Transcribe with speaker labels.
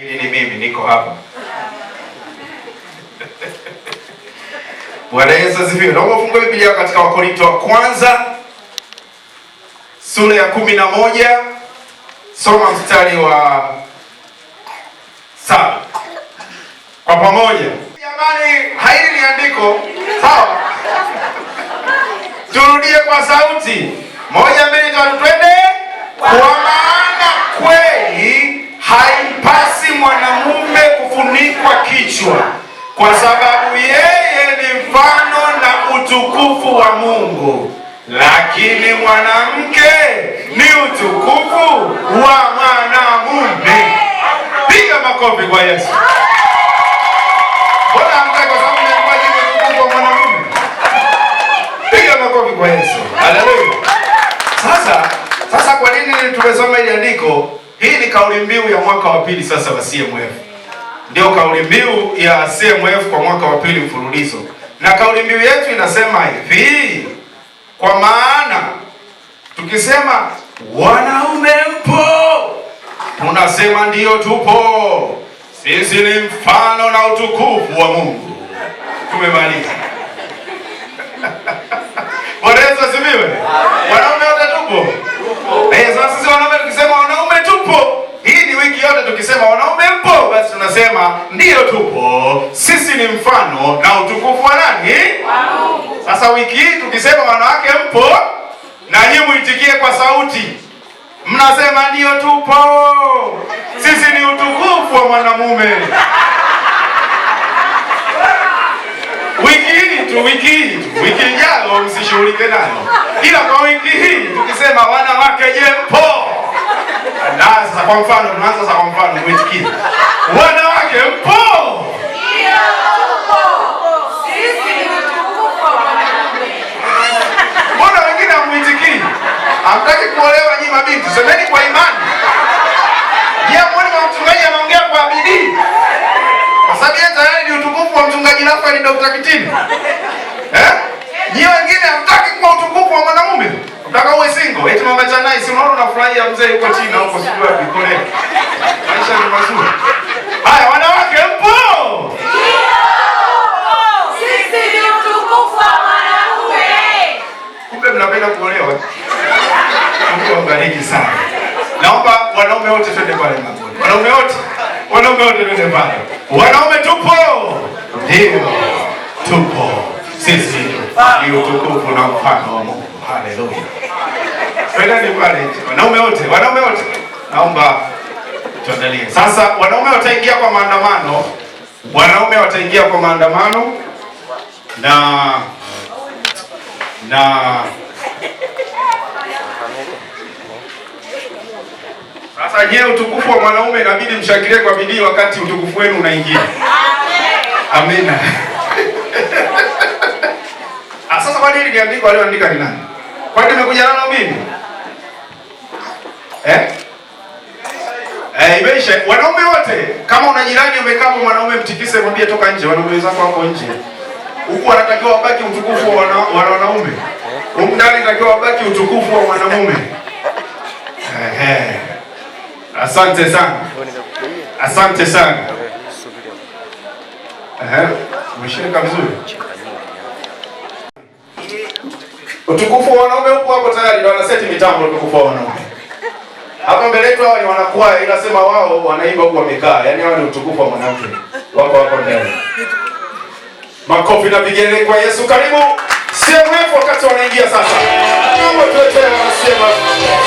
Speaker 1: Mimi ni mimi, niko hapa. Bwana Yesu asifiwe. Naomba ufungue Biblia katika Wakorinto wa kwanza sura ya kumi na moja soma mstari wa saba kwa pamoja. Jamani, haili ni andiko sawa? Turudie kwa sauti moja, mbili, tatu, twende kwa haimpasi mwanamume kufunikwa kichwa, kwa sababu yeye ni mfano na utukufu wa Mungu, lakini mwanamke ni utukufu wa mwanamume. Piga makofi kwa Yesu. Kwa Yesu. Haleluya. Sasa, sasa kwa nini tumesoma hili andiko hii ni kauli mbiu ya mwaka wa pili sasa wa CMF, ndio kauli mbiu ya CMF kwa mwaka wa pili mfululizo, na kauli mbiu yetu inasema hivi, kwa maana tukisema wanaume mpo, tunasema ndiyo tupo, sisi ni mfano na utukufu wa Mungu. Tumemaliza. Bwana Yesu asifiwe. tukisema wanaume mpo, basi tunasema ndiyo tupo, sisi ni mfano na utukufu wa nani? Sasa wiki hii tukisema wanawake mpo, na nyinyi muitikie kwa sauti, mnasema ndiyo tupo, sisi ni utukufu wa mwanamume. Wiki hii tu, wiki hii tu, wiki ijayo msishughulike nalo, ila kwa wiki hii tukisema wanawake je, mpo na sasa kwa mfano, tunaanza sasa kwa mfano kuitikia. Wanawake mpo? Mbona wengine hamuitikii? Hamtaki kuolewa nyinyi mabinti. Semeni kwa imani. Je, mbona mchungaji anaongea kwa bidii? Kwa sababu yeye tayari ni utukufu wa mchungaji Rafa ni Dr. Kitini. Eh? wengine hamtaki kwa utukufu wa mwanamume. Mtaka uwe mzigo. Eti mama cha nice, unaona unafurahia mzee yuko chini huko sijui wapi kule. Maisha ni mazuri. Haya wanawake mpo?
Speaker 2: Sisi ni utukufu wa mwanaume.
Speaker 1: Kumbe mnapenda kuolewa. Mungu awabariki sana. Naomba wanaume wote twende pale maponi. Wanaume wote. Wanaume wote twende pale. Wanaume tupo. Ndio. Tupo. Sisi ni utukufu na mfano wa Mungu. Haleluya. Tuendane pale nje. Wanaume wote, wanaume wote. Naomba tuangalie Sasa wanaume wataingia kwa maandamano. Wanaume wataingia kwa maandamano na na sasa, je, utukufu wa mwanaume inabidi mshangilie kwa bidii wakati utukufu wenu unaingia. Amina. Ah, sasa kwa nini niandike, walioandika ni nani? Kwa nini nimekuja nalo mimi? eh? Eh, imeisha. Wanaume wote, kama una jirani umekaa mwanaume mtikise, mwambie toka nje, wanaume wenzako wako nje. Huku anatakiwa wabaki utukufu wa wana, wanaume. Huku ndani anatakiwa wabaki utukufu wa mwanamume. Eh, eh. Asante sana. Asante sana. Eh, umeshika vizuri. Utukufu wa wanaume upo hapo tayari, na wana seti mitambo utukufu wa wanaume. Hapa mbele yetu hawa ni wanakwaya, inasema wao wanaimba huko wamekaa, yaani hawa ni utukufu wa mwanamke wako wako ndani. Makofi na vigelegele kwa Yesu. Karibu CMF wakati wanaingia sasa, naomba tuwekee wanasema